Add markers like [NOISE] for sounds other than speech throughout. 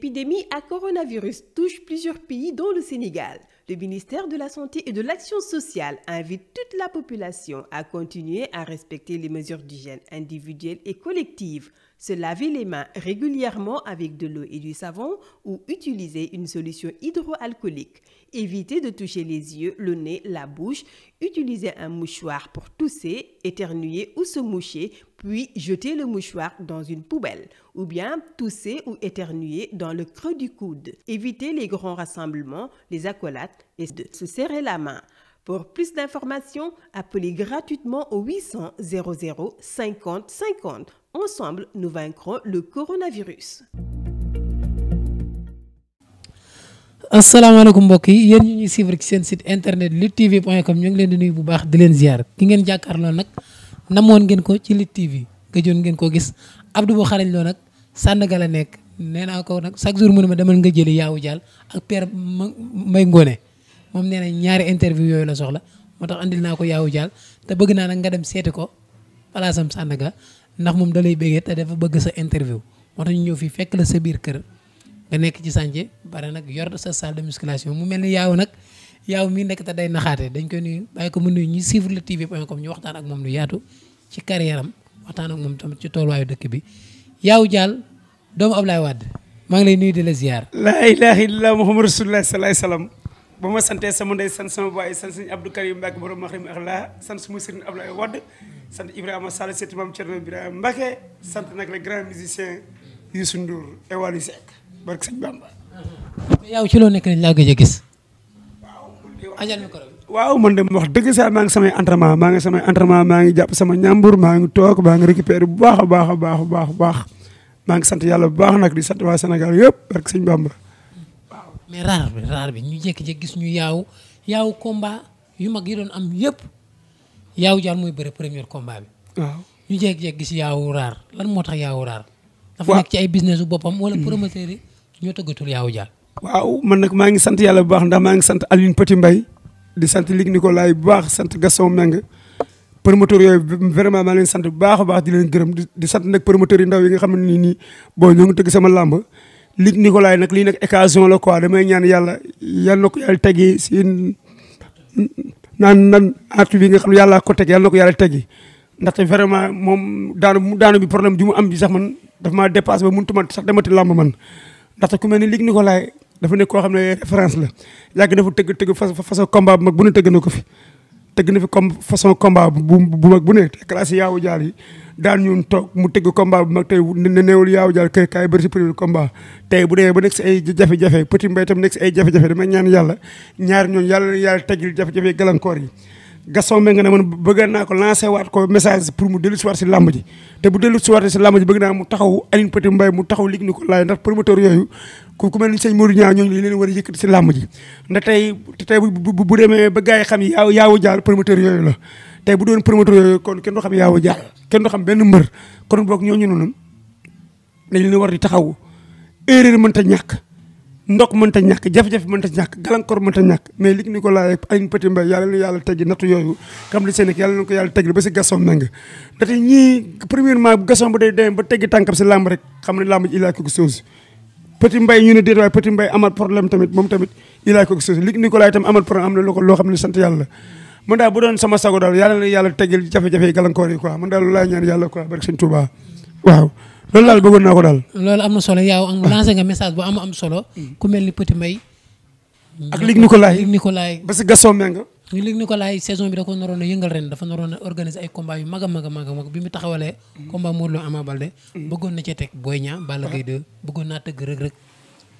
L'épidémie à coronavirus touche plusieurs pays dont le Sénégal. Le ministère de la Santé et de l'Action sociale invite toute la population à continuer à respecter les mesures d'hygiène individuelles et collectives, se laver les mains régulièrement avec de l'eau et du savon ou utiliser une solution hydroalcoolique. Évitez de toucher les yeux, le nez, la bouche. Utilisez un mouchoir pour tousser, éternuer ou se moucher, puis jetez le mouchoir dans une poubelle. Ou bien tousser ou éternuer dans le creux du coude. Évitez les grands rassemblements, les accolades et de se serrer la main. Pour plus d'informations, appelez gratuitement au 800 00 50 50. Ensemble, nous vaincrons le coronavirus. asalaamaaleykum mbokk yi yéen ñi ñuy suivre ci seen sit internet lutte tv point com ñu ngi leen di nuyu bu baax di leen ziar ki ngeen jàkkaarloo nag namoon ngeen ko ci lutte tv gëjoon ngeen ko gis Abdou boo xarañ loo nag Sandaga la nekk nee naa ko nag chaque jour mu ne ma demal nga jëli yaawu jaal ak père may ngoone moom nee na ñaari interview yooyu la soxla moo tax andil naa ko yaawu jaal te bëgg naa nag nga dem seeti ko palaasam Sandaga ndax moom da lay bëggee te dafa bëgg sa interview moo tax ñu ñëw fii fekk la sa biir kër nga nekk ci sànce bare nag yor sa salle de musculation mu mel ni yaaw nag yaaw mii nekk te day naxaate dañ koy nuyu bàyyi ko mu nuyu ñi suivre le TV point com ñu waxtaan ak moom lu yaatu ci carrière am waxtaan ak moom tamit ci tooluwaayu dëkk bi yaaw jaal doomu Ablaye Wade maa ngi lay nuyu di la ziar. laa ilaaha illallaah Muhammad rasulullah salaay salaam ba ma santee sama ndey sant sama baay sant sëñ Abdou Karim Mbacke borom maxrim ak sa sant suma sëriñ Ablaye Wade sant Ibrahima Sall seeti maam Thierno Birahim Mbacke sant nag le grand musicien Youssou Ndour et barke sëñ Bamba. mais yow ci loo nekk dañ laa gëj gis. ajal micro bi. waaw man de wax dëgg saa maa ngi samay entraînement maa ngi samay entraînement maa ngi jàpp sama ñàmbur maa ngi toog maa ngi récupéré bu baax a baax a baax baax maa ngi sant yàlla bu baax nag di sant waa Sénégal yëpp barke sëñ Bamba. mais raar bi ñu jékki-jékki gis ñu yaaw yaaw komba yu mag yi doon am yëpp yaaw jaar mooy bëre premier combat bi. waaw ñu jékki-jékki gis yaawu raar lan moo tax yaawu raar. dafa nekk ci ay business bu boppam wala hmm. promoteur yi. ñoo tëggatul yaawu jàll waaw man nag maa ngi sant yàlla bu baax ndax maa ngi sant Aline Petit mbay di sant Luc Nicolaï bu baax sant Gaston Meng promoteur yooyu vraiment maa leen sant bu baax a baax di leen gërëm di sant nag promoteur yi ndaw yi nga xam ne nii bon ñoo ngi tëgg sama làmb Luc Nicolaï nag lii nag occasion la quoi damay ñaan yàlla yal na ko yàlla teggi si naan naan artu bi nga xam ne yàlla ko teg yal na ko yàlla teggi ndaxte vraiment moom mo daanu bi problème bi mu am bi sax man daf maa dépassé ba mënut ma sax demati làmb man ndaxte ku mel ni Luc Nicolaï dafa nekk koo xam ne référence la yàgg dafa tëgg tëgg façon combat bu mag bu ne tëgg na ko fi tëgg na fi comme façon combat bu bu mag bu ne te classe yaawu jaar yi daan ñun toog mu tëgg combat bu mag tey ne neewul yaawu jaar kay kaay bëri si premier combat tey bu dee ba nekk si ay jafe-jafe petit mbay tam nekk ay jafe-jafe damay ñaan yàlla ñaar ñoon yàlla yàlla teggil jafe-jafe gàllankoor yi Gaston Mbengue ne man bëgg naa ko lancé waat ko message pour mu dellu si waat si làmb ji te bu dellu si waat si làmb ji bëgg naa mu taxaw Aline Petit Mbaye mu taxaw lig ni ko laay ndax promoteur yooyu ku ni ñooñu li leen war a si làmb ji ndax tey tey bu demee ba xam yaaw yaawu jaal promoteur yooyu la tey bu doon promoteur yooyu kon kenn du xam yaawu jaal kenn du xam benn mbër kon boog ñooñu noonu na leen war di taxaw erreur mënta ñàkk ndox mënta ñàkk jafe-jafe mënta ñàkk gàllankoor mënta ñàkk mais lig ni ko laayee ay petit mbay yàlla na yàlla teggi na ko yàlla teggi ba si a quelque chose petit tamit moom tamit il a quelque am sant yàlla man daal bu doon sama sago daal yàlla na yàlla teggil jafe-jafe gàllankoor yi quoi man daal loolu laa ñaan yàlla quoi barke sëñ Tuubaa loolu daal bëggoon naa ko daal. loolu am na solo yow am lancé nga message bu am am solo. ku mel ni Petit Mbaye. ak Ligue Nicolas Ligue Nicolas ba si Gaston Mbengue. ñu Ligue Nicolas saison bi da ko naroon a yëngal ren a organiser ay combat yu mag a mag a a mag bi mu taxawalee. combat Modou Lo Ama Baldé. bëggoon na cee teg Boy Niang Balla Gaye 2 bëggoon naa tëgg Reug Reug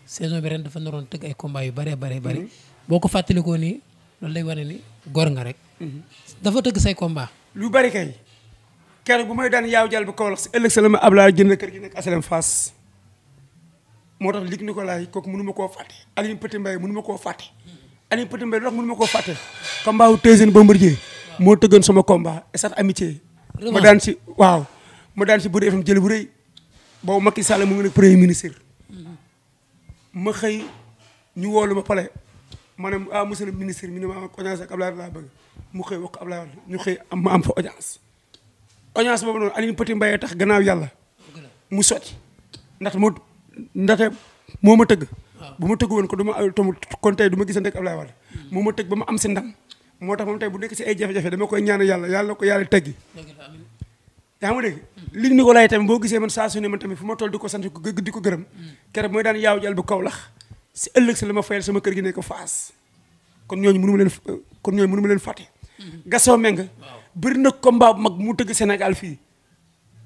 saison bi ren dafa naroon tëgg ay combat yu bare bare bare boo ko fàttalikoo nii loolu lay wane ni gor nga rek. Mhm. dafa tëgg say combat. lu bari kay. keroog bu may daan yaaw jàll bi Kaolack si ëllëg sa la ma Ablaye jënd kër gi nekk asalem Fass moo tax Luc Nicolaï kooku mënu ma koo fàtte Aliou Petit Mbaye mënu ma koo fàtte Aliou Petit Mbaye loolu mënu ma koo fàtte combat wu Tyson Bombardier moo tëggoon sama combat esat amitié ma daan si waaw ma daan si Bodi FM jël bu rëy boobu Macky Sall mu ngi nekk premier ministre ma xëy ñu woolu ma pale ma ne ah monsieur le ministre mi ne ma audience ak Ablaye laa bëgg mu xëy wax Ablaye ñu xëy ma am fa audience audience boobu noonu Alioune Petit Mbaye tax gannaaw yàlla mu sotti ndax moo ndaxte moo ma tëgg bu ma tëgg woon ko du ma tamit kon tey du ma gisante ak Ablaye Wade moo hmm. ma tëgg ba ma am si ndam moo tax moom tey bu nekk si ay jafe-jafe dama koy ñaan yàlla yàlla ko yàlla teggi yaa ngi dégg li ni ko lay boo gisee man saa su ne man tamit fu ma toll di ko sant ko di ko gërëm hmm. keroog mooy daan yaaw jal bu lax si ëllëg si la ma fayal sama kër gi nekk ko faas kon ñooñu mënu leen kon ñooñu mënu leen fàtte hmm. gasoo meng bëri na combat bu mag mu tëgg Sénégal fii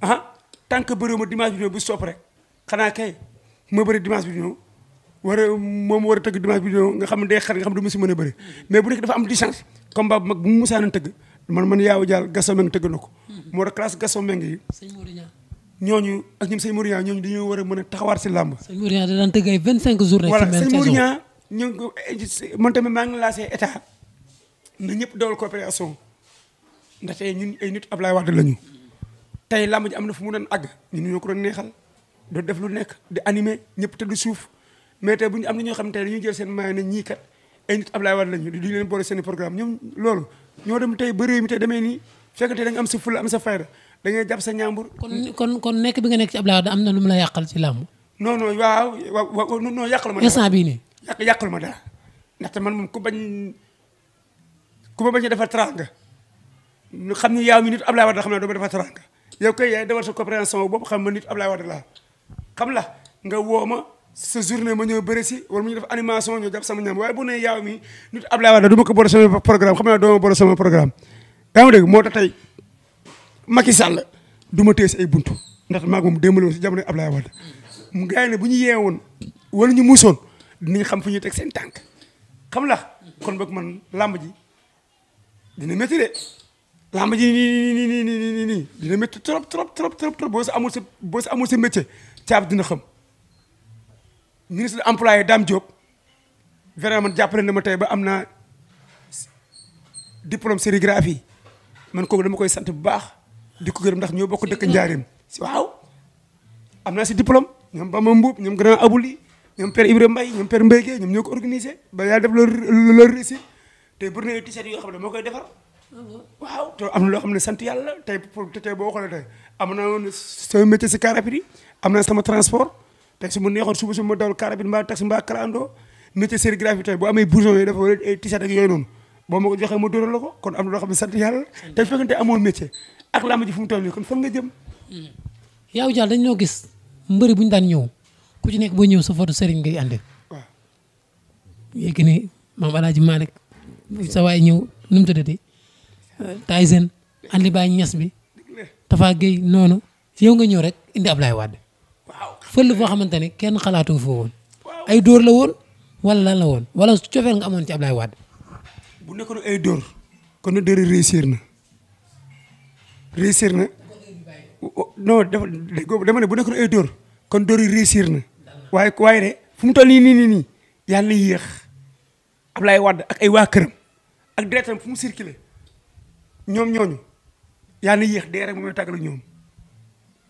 ah tant que bëriwuma dimanche bi ñëw bu sopp rek xanaa kay ma bëri dimanche bi ñëw war a moom war a tëgg dimanche bi ñëw nga xam ne day xar nga xam ne du ma si mën a bëri mais bu nekk dafa am licence combat bu mag bu mu musaan tëgg man man yaaw jaal Gaston Mbengue tëgg na ko hmm. moo tax classe Gaston Mbengue yi ñooñu ak ñun sëñ Mourian ñooñu dañoo war a mën a taxawaat si làmb sëñ Mourian da daan tëgg ay vingt cinq jours voilà sëñ Mourian ñu man tamit maa ngi lancé état na ñëpp dawal coopération ndaxte ñun ay nit Ablaye Wade lañu tey làmb ji am na fu mu doon àgg ñun ñoo ko doon neexal doon def lu nekk di animé ñëpp tëdd suuf mais tey bu ñu am na ñoo xam ne tey dañuy jël seen maay na ñii kat ay nit Ablaye Wade leen boole seen programme ñoom loolu ñoo dem tey ba réew mi demee nii fekk tey da am sa fulla am sa fayda da ngay jàpp sa ñaambur. kon kon kon nekk bi nga nekk ci Ablaye Wade am na lu mu la yàqal ci làmb. non non waaw waaw non yàqal ma. instant bii nii yàq yàqal ma dara ndaxte man moom ku bañ ku ma bañ a defar teraanga ñu xam ni yaaw mi nit Ablaye Wade la xam ne doo ma yaay demal sa compréhension boobu xam ma nit Ablaye Wade la xam la nga woo ma sa journée ma ñëw bëri si wala mu ñu def animation ñoo jàpp sama ñaam waaye bu ne yaaw mi nit Ablaye Wade du ma ko du ma téye si ay buntu ndax maa ngi moom démbaloo si jamono Ablaye Wade mu gars yi ne bu ñu yeewoon wala ñu muusoon dinañ xam fu ñuy teg seen tànk xam la kon boog man làmb ji dina métti de làmb ji nii nii nii nii nii nii dina métti trop trop trop trop trop boo si amul sa boo si amul sa métier caab dina xam ministre de l'emploi Dame Diop vraiment man jàppale na ma tey ba am naa diplôme sérigraphie man kooku dama koy sant bu baax di ko gërëm ndax ñoo bokk dëkk njaareem si waaw am naa si diplôme ñoom Bamba Mbuub ñoom grand Abouli ñoom père Ibrahima Mbaye ñoom père Mbaye Guèye ñoom ñoo ko organisé ba yàlla def loolu loolu réussir tey bëri na ay t-shirt yoo xam ne moo koy defar waaw te am na loo xam ne sant yàlla tey pour tey boo xoolee tey am na sama métier si car rapide yi am na sama transport tey su ma neexoon suba su ma dawal car rapide mbaa taxi mbaa clando métier sérigraphie tey boo amee bouson yooyu dafa war ak yooyu ma ko la ko kon am na loo xam ne sant yàlla tey fekkante amoo métier fu mu toll nii kon fan nga jëm hmm. yaaw jaal dañ ñoo gis mbëri bu ñu daan ñëw ku ci nekk boo ñëw sa photo sëriñ ngay àndi waaw yéegi ni maam alaaji Malick sa waay ñëw nu mu tuddati Tyson Alioune Baye Niass bi Tafa Gueye noonu yow nga ñëw rek indi Ablaye Wade fël foo xamante ne kenn xalaatoo foo woon ay dóor la woon wala lan la woon wala cofeel nga amoon ci Ablaye Wade. bu nekkoon ay dóor kon na dóori réussir na réussir na kon dóori waaye waaye de fu mu toll nii nii nii nii na yéex Ablaye Wade ak ay waa këram ak deretam fu mu ñoom ñooñu yaa na yéex dee rek moom tàggal ak ñoom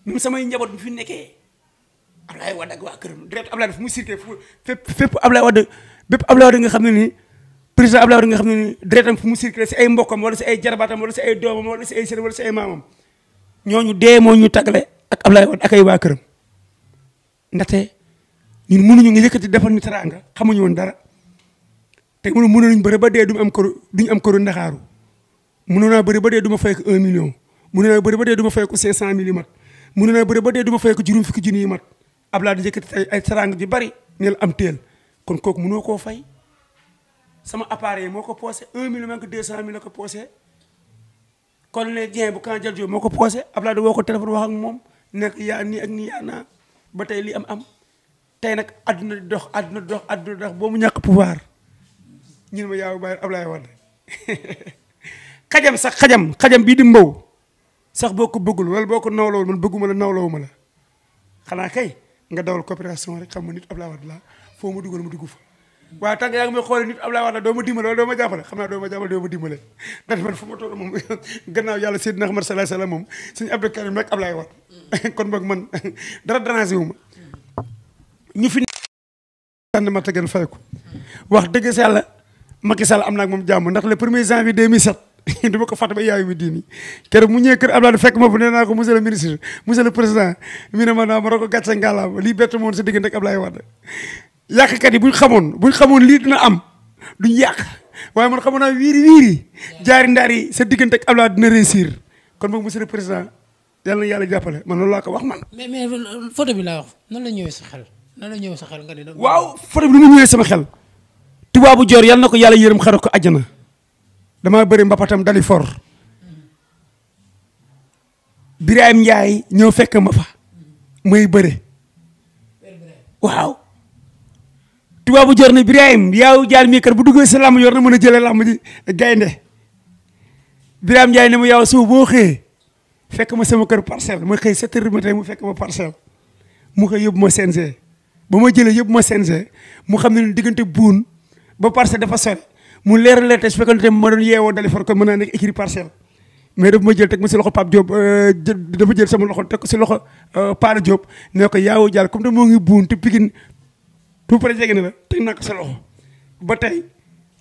ñun njaboot bu fi nekkee Ablaye Wade ak waa këram direct fu mu cité fu fépp fépp Ablaye Wade bépp Ablaye Wade nga xam ne nii président Ablaye Wade nga xam ne nii fu mu circulé si ay wala si ay jarabaatam wala si ay doomam wala si ay sër wala si ay maamam ñooñu dee moo ñu tàggale ak Ablaye Wade ak ay waa këram ndaxte ñun mënuñu nga yëkkati defal ñu teraanga xamuñu woon dara te mënu mënuñu bëri ba dee duñu am kër duñu am këru Ndakaaru mënoon naa bëri ba dee du ma fay ko un million mënoon naa bëri ba dee du ma fay ko cinq cent mille yi mat mënoon bëri ba dee du ma fay ko juróom fukki junni yi mat Abdoulaye di yëkkati ay ay sarang ji bari neel am teel kon kooku mënoo koo fay sama appareil moo ko poosé un million ak deux cent mille la ko poosé colonel Dieng bu camp Diallo moo ko poosé Abdoulaye woo ko téléphone wax ak moom nekk yaa nii ak nii yaa naa ba tey lii am am tey nag adduna dox àdduna dox àdduna dox boo mu ñàkk pouvoir ñun ma yaaw bàyyi Abdoulaye Wade [LAUGHS] xajam sax xajam xajam bii di mbaw sax boo ko bëggul wala boo ko nawloo man bëgguma la nawloo ma la xanaa kay nga dawal coopération rek xam nga nit Abdoulaye Wade la foo ma dugal ma dugg fa waaye tant que yaa ngi may xoolee nit Abdoulaye Wade la doo ma dimbale wala doo ma jàppale xam naa doo ma jàppale doo ma dimbale ndax man fu ma moom [LAUGHS] gannaaw yàlla Seydina Ahmad [LAUGHS] kon boog man [LAUGHS] dara dérangé wu ma ñu fi tànn ma tegal fay ko wax dëgg si yàlla ndax le premier janvier 2007 [LAUGHS] du ma ko fàtte ba yaayu mi diini keroog mu ñëwee kër Abdoulaye fekk ma fa nee naa ko monsieur le ministre monsieur le président mi ne ma naa ma ne ko gàcce ngalaam lii bett moon sa diggante ak Abdoulaye Wade yàqkat yi buñ xamoon buñ xamoon lii dina am duñ yàq waaye man xamoon naa wiiri wiiri jaari ndaari sa diggante ak Abdoulaye dina réussir kon moom monsieur le président yàlla na yàlla jàppale man loolu ko wax man. mais mais bi laa wax nan la ñëwee sa xel nan ñëwee sa xel nga ne. waaw photo bi lu mu ñëwee sama xel. tubaabu joor yàlla na ko yàlla yërëm xare ko àjjana damaa bëri mbapatam dali for Birame Ndiaye ñëw fekk ma fa muy bëre waaw tubaabu jor ne Birame yaaw jaar mii kat bu duggee sa làmb yor na mën a jëlee làmb ji gaynde Birame Ndiaye ne mu yaaw suuf boo xëyee fekk ma sama kër parcelle ma xëy sept heures du mu fekk ma parcelle mu xëy yóbbu ma CNG ba ma jëlee yóbbu ma CNG mu xam ne diggante buun ba parcelle dafa sori mu leeral la te su fekkoon ma doon yeewoo dali far kon mën nekk écrit parcelle mais dafa ma jël teg ma si loxo Pape Diop euh, dafa jël sama loxo te ko si loxo euh, Paara Diop ne ko yaawoo jàll comme te moo ngi buun te Pikine tout jege na la te naa ko sa loxo ba tey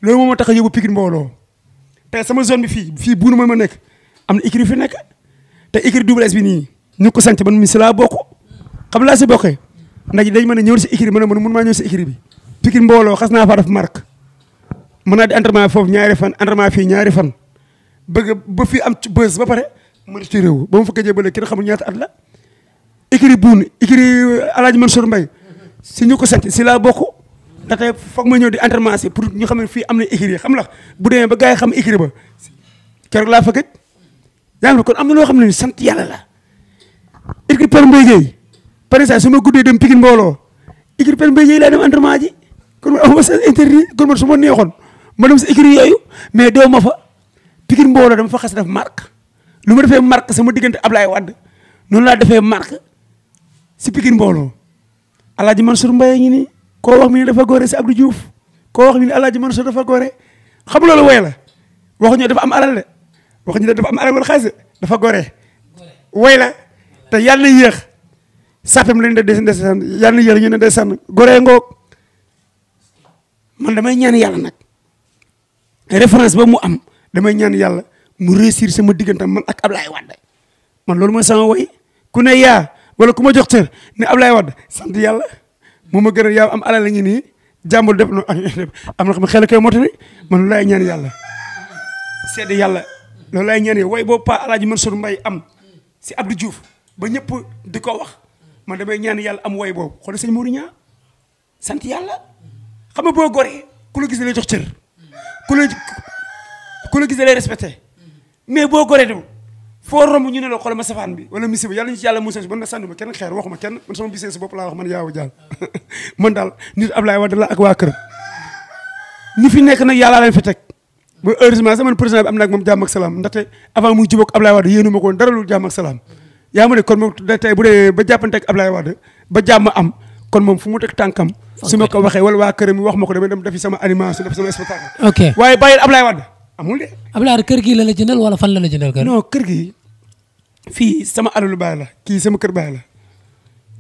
loolu moom moo tax a yóbbu Pikine mbooloo te sama zone bi fii fii buunu ma ma nekk am na écrit fi nekk te écrit double bi nii ñu ko sant man mi si laa bokk xam laa si bokkee ndax dañ mën a ñëw si écrit ma ne man mun maa si écrit bi Pikine mbooloo xas naa faa def marque mën naa di entraînement foofu ñaari fan entraînement fii ñaari fan bëgg ba fii am ci bës ba pare mu retiré wu ba mu fa gëjee ba léegi kenn xamul ñaata at la ikiri buun ikiri euh, alaaji Mansour Mbaye si ko sant si laa bokk ndax tey ma ñëw di entraînement si pour ñu xam ne fii am na ikiri xam la bu demee ba gars yi xam ikiri ba keroog laa fa gëj yaa ngi kon am na loo xam ne sant yàlla la ikiri per Mbaye Gueye suma exemple su guddee dem Pikine mbooloo ikiri per Mbaye Gueye laa dem entraînement ji kon ma aw ma sa interdit kon su ma neexoon ma dem mais dew ma fa Pikine mbooloo dama fa xas def marque lu ma defee marque sama diggante Ablaye Wade noonu laa defee marque si Pikine mbooloo Alaaji Mansour Mbaye ngi nii koo wax mi ne dafa góore si Abdou Diouf koo wax mi ne Alaaji Mansour dafa góore xam loolu woy la waxuñu am alal de waxuñu dafa am alal wala dafa góore woy la te yàlla yéex sappam lañ de desen desen yàlla yéex ñu ne desen góore ngoog man damay ñeen yàlla nag référence ba mu am damay ñaan yàlla mu réussir sama diggante man ak Ablaye Wade man loolu mooy sama woy ku ne yaa wala ku ma jox cër ne lay Wade sant yàlla moo ma gën a yaa am alal la ngi nii jàmbur na [LAUGHS] am na xam xel koy motali man loolu laay ñaan yàlla seede yàlla loolu laay ñaan yow way boobu pa man Mansour mbay am si Abdou Diouf ba ñëpp di ko wax man damay ñaan yàlla am way boobu xool sëñ Mourou ñaa sant yàlla xam nga boo goree ku la gis la jox cër ku la ku la gis da lay respecté mais boo goreetu foo romb ñu ne la xoolal ma safaan bi wala misi ba yàlla ñu ci yàlla musal si man na sànni ma kenn xeer waxuma kenn man sama bisee si bopp laa wax man yaaw jaal [LAUGHS] man daal nit Ablaye Wade la ak waa këram ñi fi nekk nag yàlla lañ fi teg ba heureusement sama président bi am na ak moom jàmm ak salaam ndaxte avant muy jubóog Ablaye Wade yéenu ma ko woon dara lu jàmm ak salaam yaa ma ne kon moom tey bu dee ba jàppante ak Ablaye Wade ba jàmm am kon moom fu mu teg tànkam su ma ko waxee wala waa mu wax ma ko dama dem defi sama animation def sama spectacle ok waaye bàyyil Ablaye Wade amul de Ablaye kër gii la la jëndal wala fan la la jëndal kër non kër gi fii sama alalu baay la kii sama kër baay la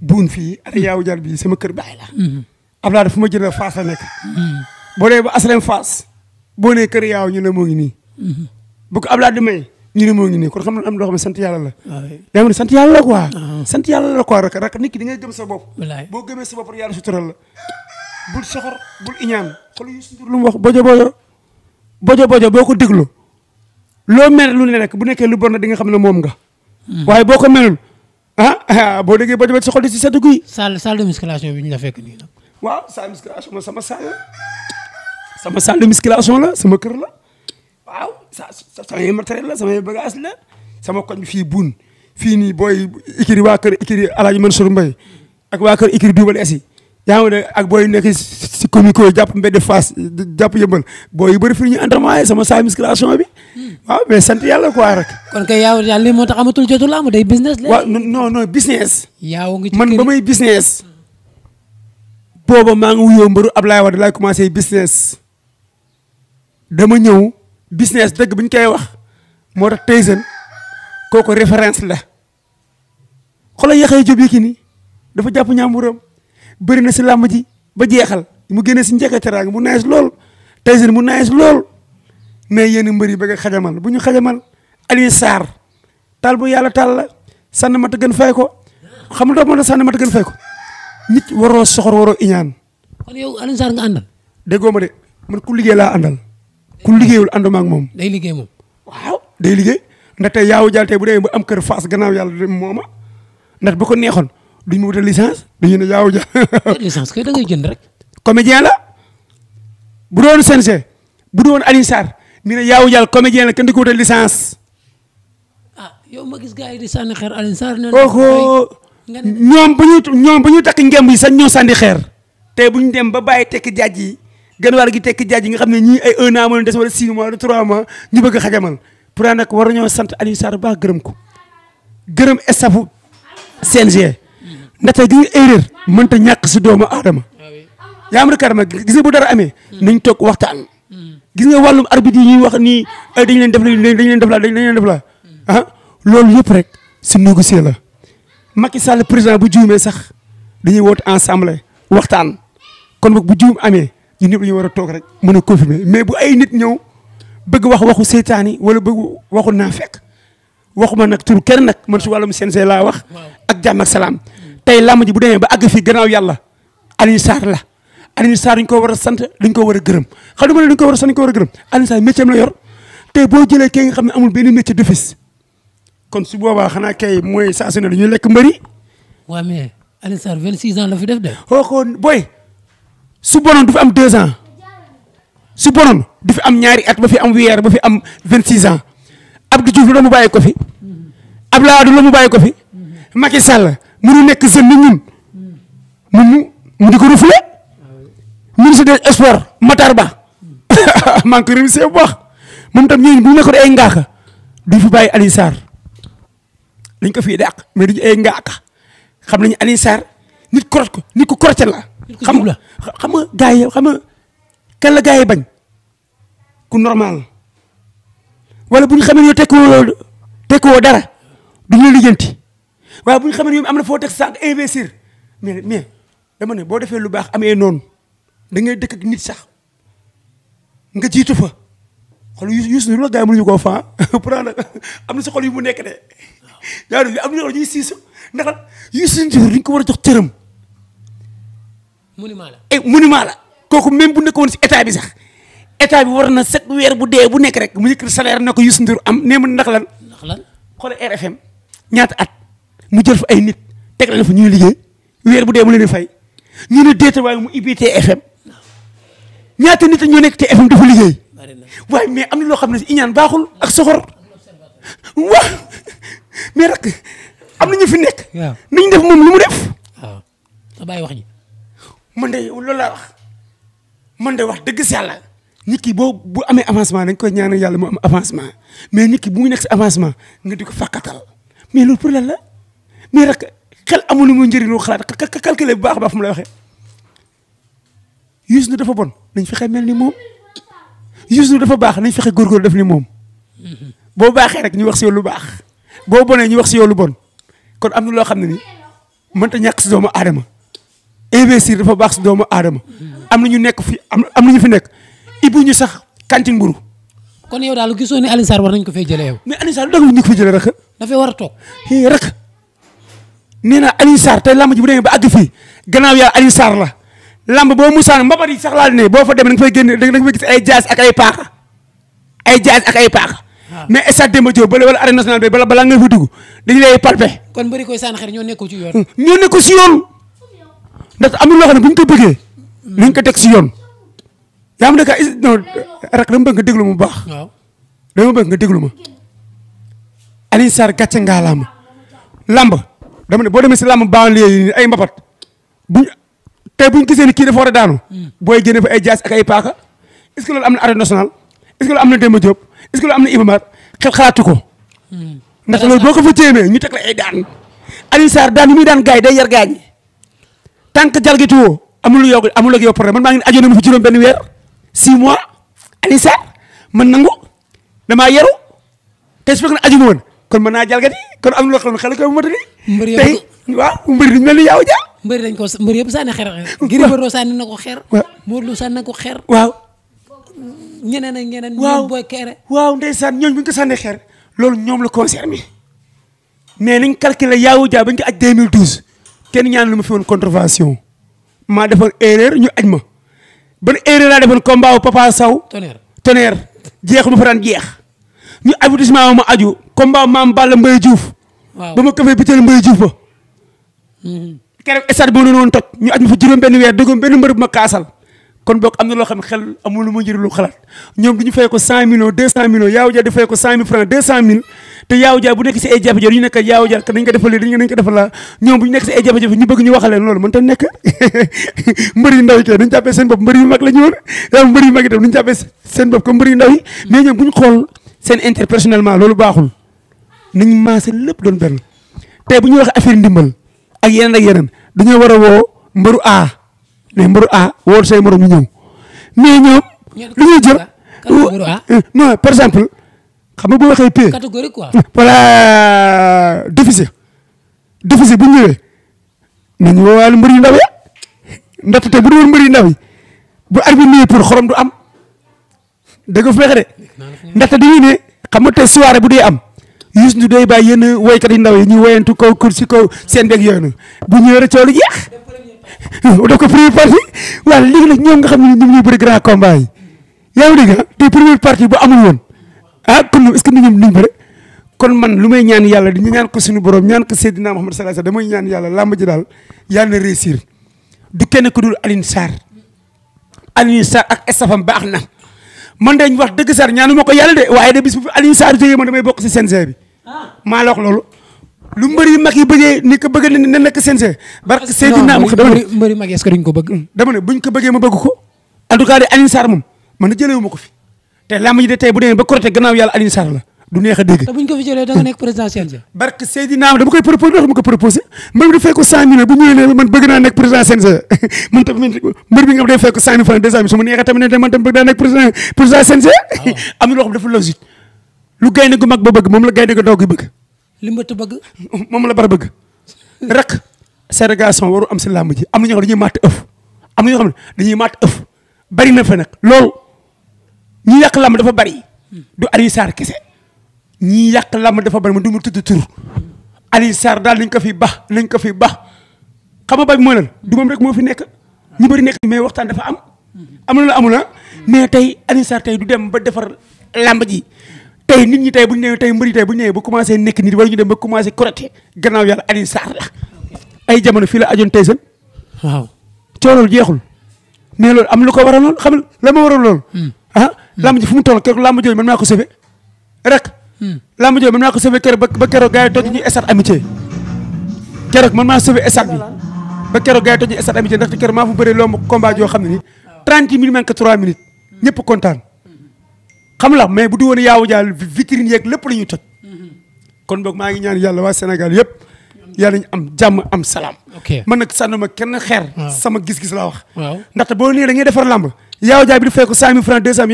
buun fii ada hmm. yaawu jar bii sama kër baay la hmm. Ablaye fu ma jëndal Fass la nekk hmm. boo dee ba aslem Fass boo nee kër yaaw ñu ne moo ngi nii bu ko Ablaye di may ñu ne moo ngi nii kon xam na am loo xam ne sant yàlla la daa ma ne sant yàlla la quoi ah. sant yàlla la quoi rak rak nit ki di ngay gëm sa bopp boo gëmee sa bopp rek yàlla sutural la bul soxor bul iñaan xool lu mu wax bojo bojo bojo bojo boo ko déglu loo mel lu ne rek bu nekkee lu bon na di nga xam ne moom nga hmm. waaye boo ko melul ah, ah boo déggee bojo bojo sa xol di si sedd guy salle salle de musculation bi ñu la fekk nii nag waaw salle de musculation sama salle sama salle de la sama kër la waaw sa samay matériel la samay bagage la sama koñ fii buun fii nii booy ikiri waa kër ikiri alaaji Mansour Mbaye ak waa kër ikiri duubal esi yaa ngi ak booy nekk si comico yi jàpp mbedd face jàpp yëmbal booy yu bëri fii ñu entraînement yi sama saa musculation bi waaw mais sant yàlla quoi rek. kon kay yaaw yàlla lii moo tax amatul jotu làmb day business la. waaw non non business. nga man ba may business. booba maa ngi wuyoo mbëru Ablaye Wade laay commencé business. dama ñëw. business dëgg bu ñu koy wax moo tax Tyson kooku référence la xoolal yaxee jub yi ki nii dafa jàpp ñàmburam bëri na si làmb ji ba jeexal mu génne si njëkk teraanga mu neex lool Tyson mu neex lool mais yéen mbër yi bëgg a xajamal bu ñu xajamal Alioune Sarr taal bu yàlla taal la sànni ma te gën fay ko xam nga doo mën sànni ma te gën fay ko nit waroo soxor waroo iñaan. kon yow Alioune Sarr nga àndal. déggoo ma de man ku liggéey laa àndal. ku liggéeyul ànduma ak moom. day liggéey moom. waaw day liggéey ndax tey yaawu jaal tey bu demee ba am kër faas gannaaw yàlla dem mooma ndax bu ko neexoon duñ ma wutal licence dañuy ne yaawu jaal. licence kay da jënd rek. comédien la bu doon CNG bu doon Alioune Sarr ñu ne yaawu jaal comédien la kenn du ko wutal licence. ah gis gars yi di sànni xeer Alioune Sarr. nee ñoom bu ñuy ñoom bu ñuy takk ngemb yi sax ñoo sànni xeer. te bu ñu dem ba bàyyi tekki jaaj yi gën waar gi tekki jaaj yi nga xam ne ñii ay un an moo des wala six mois wala trois mois ñu bëgg a xajamal pourtant nag war nañoo sant Alioune Sarr ba gërëm ko gërëm estafu CNG ndaxte gi erreur mënta ñàkk si doomu aadama yaa am karama gis bu dara amee nañ toog waxtaan gis nga wàllum arbitre yi ñuy wax nii ay dañ leen def la dañ leen def la dañ leen def la ah loolu yëpp rek si négocier la Macky Sall président bu juumee sax dañuy woote ensemble waxtaan kon boog bu juum amee ñun ñëpp ñu war a toog rek mën a confirmer mais bu ay nit ñëw bëgg wax waxu seytaan yi wala bëgg waxu naa fekk waxuma nag tur kenn nag man su wàllum CNG laa wax ak jàmm ak salaam tey làmb ji bu demee ba àgg fii gannaaw yàlla Alioune Sarr la Alioune Sarr duñ ko war a sant duñ ko war a gërëm xam nga ne duñ ko war a sant duñ ko war a gërëm Alioune Sarr métier la yor tey boo jëlee kii nga xam ne amul benn métier d'office kon su boobaa xanaa kay mooy saa su ne dañuy lekk mbëri. waaw mais Alioune Sarr 26 ans la fi def de. Oh, kooku booy. su bonoon du fi am deux ans su bonoon du fi am ñaari at ba fi am weer ba fi am vingt six ans Abdou Diouf la mu bàyyi ko fi Abdoulaye Wade la mu bàyyi ko fi Macky Sall mënu nekk jeune ni ñun mu mu di ko refoulé ministre des sports Matar Ba [LAUGHS] maa ngi ko remercié bu baax moom tam ñooñu bu ñu ay ngaaka du fi bàyyi Alioune Sarr dañ ko fiy dàq mais duñu ay ngaaka xam nañu Alioune Sarr nit korot ko nit ko korote la. xam nga xam nga gars yi xam nga kan la yi bañ ku normal wala bu ñu xamee yow woo dara du ñu lijjanti waaye bu ñu xamee am na foo teg sànq investir mais mais dama boo defee lu baax amee noonu da ngay dëkk nit sax nga jiitu fa xol yu yu si lu la gars yi koo faa [LAUGHS] pourtant am na si xol yu mu nekk de yaa ngi am na yoo xam ne yuy siisu ndax yuy ko war a jox cëram. monument la et eh, la kooku même bu nekkoon si état bi sax état bi war na chaque weer bu dee bu nekk rek mu yëkkati salaire na ko Youssou Ndour am nee ma ndax lan. ndax lan xool RFM ñaata at mu jël ay nit teg la fa ñuy liggéey weer bu dee mu leen fay ñu ne waaye mu ubbi TFM ñaata nit ñoo nekk TFM dafa liggéey waaye mais am na loo xam ne si iñaan baaxul ak soxor waaw mais rek am na ñu fi nekk. waaw nañ def moom lu mu def. waaw wax ji. man de loolu laa wax man de wax dëgg si yàlla. nit ki boo bu amee avancement dañ koy ñaanal yàlla mu am avancement mais nit ki bu mu nekk si avancement nga di ko fàkkatal mais loolu pour lan la mais rek xel amul lu mu njëriñoo xalaat calculer bu baax a baax fu mu la waxee. Youssou Ndour dafa bon nañ fexe mel ni moom Youssou Ndour dafa baax nañ fexe góorgóorlu def ni moom boo baaxee rek ñu wax si yow lu baax boo bonee ñu wax si yow lu bon kon am na loo xam ne ni mënta ñàkk si doomu aadama. investir dafa baax si doomu aadama am na ñu nekk fi am na ñu fi nekk ibu ñu sax kantin mburu kon yow daal gisoo ne Alioune Sarr war nañ ko fay jëlee yow. mais Alioune Sarr ko fi dafay a toog. rek nee naa Alioune Sarr tey lamb ji bu demee ba àgg gannaaw yaa Alioune Sarr la lamb boo musaan mbabar yi sax laal ne boo fa demee da nga fay génne da nga fay gis ay jaas ak ay paaka ay jaas ak ay paaka. Ah. mais stade Demba Diop bala wala arène nationale bi bala balaa nga fa dugg dañu lay palpé. kon bëri koy saan xel ñoo nekkul ci yoon. ñoo nekkul ci yoon. ndax am na loo xam ne bu ñu ko bëggee. nañ ko teg si yoon. yaa am naka is non rek dama bëgg nga déglu mu baax. waaw dama bëgg nga déglu ma. Alioune Sarr gàcce ngaa làmb. làmb dama ne boo demee si làmb banlieue yi ay buñ tey buñ ni kii dafa war a daanu. booy génne fa ay jaas ak ay paaka. est-ce loolu am na arène nationale est-ce loolu am na Demba Diop est-ce que loolu am na Iba Mar xel xalaatu ko. Hmm. ndax loolu boo ko fa jéemee ñu teg la ay daan. Alioune Sarr daan yi muy daan gaay day yar gaañ. tant que jalgati woo amul yow amul ak yow problème man maa ngi ajoon na ma fi juróom benn weer six mois ani sa man nangu damaa yaru te su fekkoon ajoon woon kon mën naa jalgati kon am na loo xam ne xel ko bu motali. mbër yow mbër dañu mel ni yow ja. ko mbër yëpp sànni xeer xeer. Gris Bordeaux na ko xeer. waaw Modou Lô sànni na ko xeer. waaw. ñeneen ak ñeneen. waaw ñoom booy kere. waaw ndeysaan ñooñu bu ñu ko sànnee xeer loolu ñoom la concerné mais niñ calculé yaawu jaa bañ ko kenn ñaan lu ma fi woon contravention maa defoon erreur ñu aj ma ban erreur laa defoon combat wu Papa Sow tonnerre tonnerre jeexu ma fa daan jeex ñu avertissement ma ma aju maam ba ma kafee biteel Mbaye Diouf ba mhm. keroog stade boo noonu toj ñu aj ma fa juróom benn weer dëggoom benn mbër bu ma kaasal kon boog am na loo xam xel amul mu ma njëriñ lu xalaat ñoom du ñu fay ko cent millions deux cent millions yaaw ja di fay ko cent mille francs deux cent mille te yaaw jaar bu nekk si ay jafe-jafe ñu nekk yaaw jaar nañ ko defal lii dañ ko defal ñoom bu ñu nekk si ay jafe-jafe ñu bëgg ñu waxal loolu mën ta nekk [LAUGHS] mbër yu ndaw yi kay dañu jàppee seen ñu woon yaa mbër yu mag itam dañu jàppee seen bopp comme mbër yu ndaw yi mais ñoom bu ñu xool seen interpersonnellement loolu baaxul nañ maase lépp doon benn tey bu ñuy wax affaire ndimbal ak yeneen ak yeneen dañoo war a woo mbëru A mais A woo say morom ñu ñëw mais ñoom lu ñuy jël xam nga boo waxee paie. catégorie quoi. voilà déficit déficit bu ñëwee nañu woowaale mbër yu ndaw ya ndaxte bu dul mbër yu ndaw yi bu arbi nii pour xorom du am dëgg nga fexe de ndaxte dañuy ne xam nga tey soirée bu dee am. yus ñu day bàyyi yenn woykat yi ndaw yi ñuy woyantu kaw kur si kaw seen beeg yooyu bu ñëwee rek coow lu jeex def ko première partie waaw léegi nag ñoom nga xam ne ñoom ñuy bëri grand combat yaa ngi dégg ah? te première partie bu amul woon ah kon ñoom est-ce que nit ñoom duñ kon man lu may ñaan yàlla di ñaan ko suñu borom ñaan ko Seydina Muhammad sallallahu alayhi wasallam damay ñaan yàlla làmb ji daal yàlla na réussir du kenn ku dul Alioune Sarr Alioune Sarr ak estafam baax na man dañ wax dëgg Sarr ñaanu ma ko yàlla de waaye de bis bu Alioune Sarr jógee man damay bokk si CNG bi ah. maa la loolu. lu mbëri mag yi bëggee ni ko bëgg na nekk CNG. barke Seydina Muhammad dama ne mbëri mag yi est ko bëgg. dama ne buñ ko bëggee ma bëgg ko en tout cas de Alioune Sarr moom man jëlewu ko fi. te lamb ji de a te bu ñëwee moom la gaynde bëgg. rek ségrégation waru am si làmb ji am na ñoo xam dañuy màtt ëf am na ñoo xam dañuy màtt ëf bari na fa ñi yàq lamb dafa bari du Aliou Sarr kese ñi yàq lamb dafa bari ma du mu tudd tur Aliou Sarr daal nañ ko fi bax nañ ko fi bax xam nga ba moo lan du moom rek moo fi nekk ñu bëri nekk mais waxtaan dafa am amul la amul la ah. mais tey Aliou Sarr tey du dem ba defar lamb ji tey nit ñi tey bu ñu ñëwee tey mbëri tey bu ñëwee ba commencé nekk nit wala ñu dem ba commencé correcté gannaaw yàlla Aliou Sarr la ay jamono fii la ajoon tey seen waaw coono jeexul mais loolu am lu ko waraloon xam la ma waral lool hmm. ah lamb fu mu toll keroog lamb jooju man maa ko sauvé rek hmm. lamb jooju man maa ko sauvé keroog ba keroog gars yi toj ñu stade amitié keroog man maa sauvé stade bi ba keroog gars yi toj ñu stade amitié ndaxte keroog maa fa xam ne ni trente minutes manqué trois minutes ñëpp kontaan xam la mais bu du woon yaawu jaal vitrine yeeg lépp la ñuy toj hmm. kon boog maa ngi ñaan yàlla waa Sénégal yëpp yàlla ñu am jàmm am salaam man nag sànnuma kenn xeer sama gis-gis laa wax ndaxte boo nee da ngay defar làmb yaaw jaay bi di fay ko cent mille franc deux cent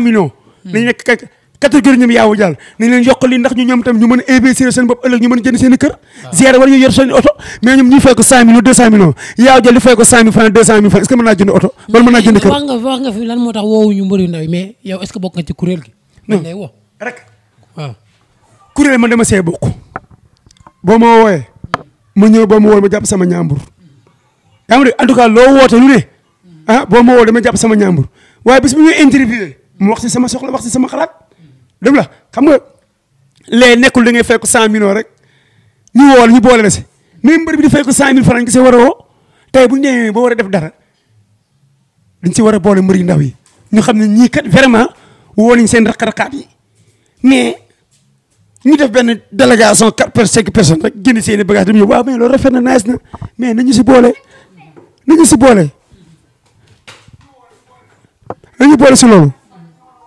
mille hmm. ñoom yaaw jaal nañ leen yokk li ndax ñu ñoom tam ñu mën a seen bopp ëllëg ñu mën a jënd seen i kër ah. ziare war ñu yor seen oto bokk nga ah. boo ma wooyee ma ñëw boo ma woo ma jàpp sama ñaambur yaa de en tout cas loo woote lu ne ah boo ma woo dama jàpp sama ñaambur waa bis bu ñuy interviewé mu wax si sama soxla wax si sama xalaat dégg la xam nga lee nekkul da ngay fay ko cent millions rek ñu woo ñu boole la si mais mbër bi di fay ko cent mille francs war a woo tey bu ñu ñëwee ba war a def dara dañ si war a boole mbër yu ndaw yi ñu xam ne ñii kat vraiment woo seen raq-raqaat yi mais def benn délégation quatre per cinq personnes rek génn seen i bagages dem ñu rafet na nice na mais nañu si boole nañu si boole dañuy boole si loolu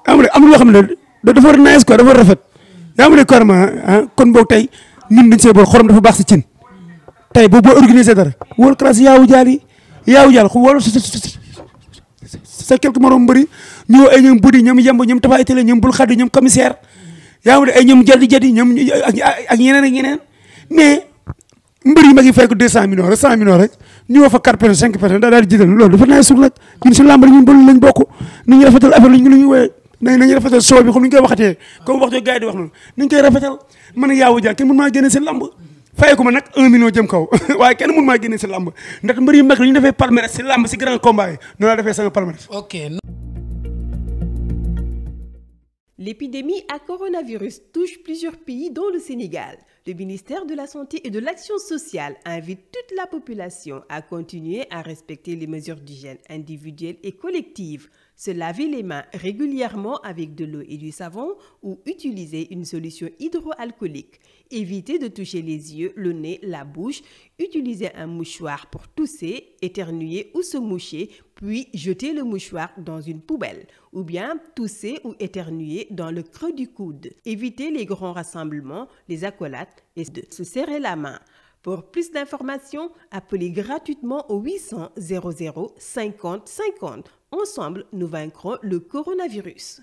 am na am na loo xam ne dafa war a neex dafa war a rafet yaa ngi ne carrément ah, kon boog tey ñun dañ see boole xorom dafa baax si cin tey boo boo organisé dara wóor classe yaawu jaal yi yaawu jaal xu wóor sa quelque morom mbëri ñëw ay ñoom buddi ñoom yemb ñoom tabaay télé ñoom bul xaddi ñoom commissaire yaa ngi ne ay ñoom jadi jadi ñoom ak ñeneen ak ñeneen mbër yi mag yi fay deux cent millions rek cent millions rek ñu woo fa quatre personnes cinq personnes daal daal di jiital loolu dafa naay suuf nag ñun si làmb ñun bëri lañ bokk ni ñu rafetal affaire lu ñu lu ñu wooyee nañ nañu rafetal soo bi comme ñu koy waxatee comme wax jo gars yi di wax noonu nañ koy rafetal man a yaawu jaar kenn [LAUGHS] ñu defee palmarès si làmb si grand combat yi noonu laa defee sama palmarès ok L'épidémie à coronavirus touche plusieurs pays dont le Sénégal. Le ministère de la Santé et de l'Action sociale invite toute la population à continuer à respecter les mesures d'hygiène individuelles et collectives, se laver les mains régulièrement avec de l'eau et du savon ou utiliser une solution hydroalcoolique. Évitez de toucher les yeux, le nez, la bouche. utiliser un mouchoir pour tousser, éternuer ou se moucher, puis jetez le mouchoir dans une poubelle. Ou bien tousser ou éternuer dans le creux du coude. Évitez les grands rassemblements, les accolades et de se serrer la main. Pour plus d'informations, appelez gratuitement au 800 00 50 50. Ensemble, nous vaincrons le coronavirus.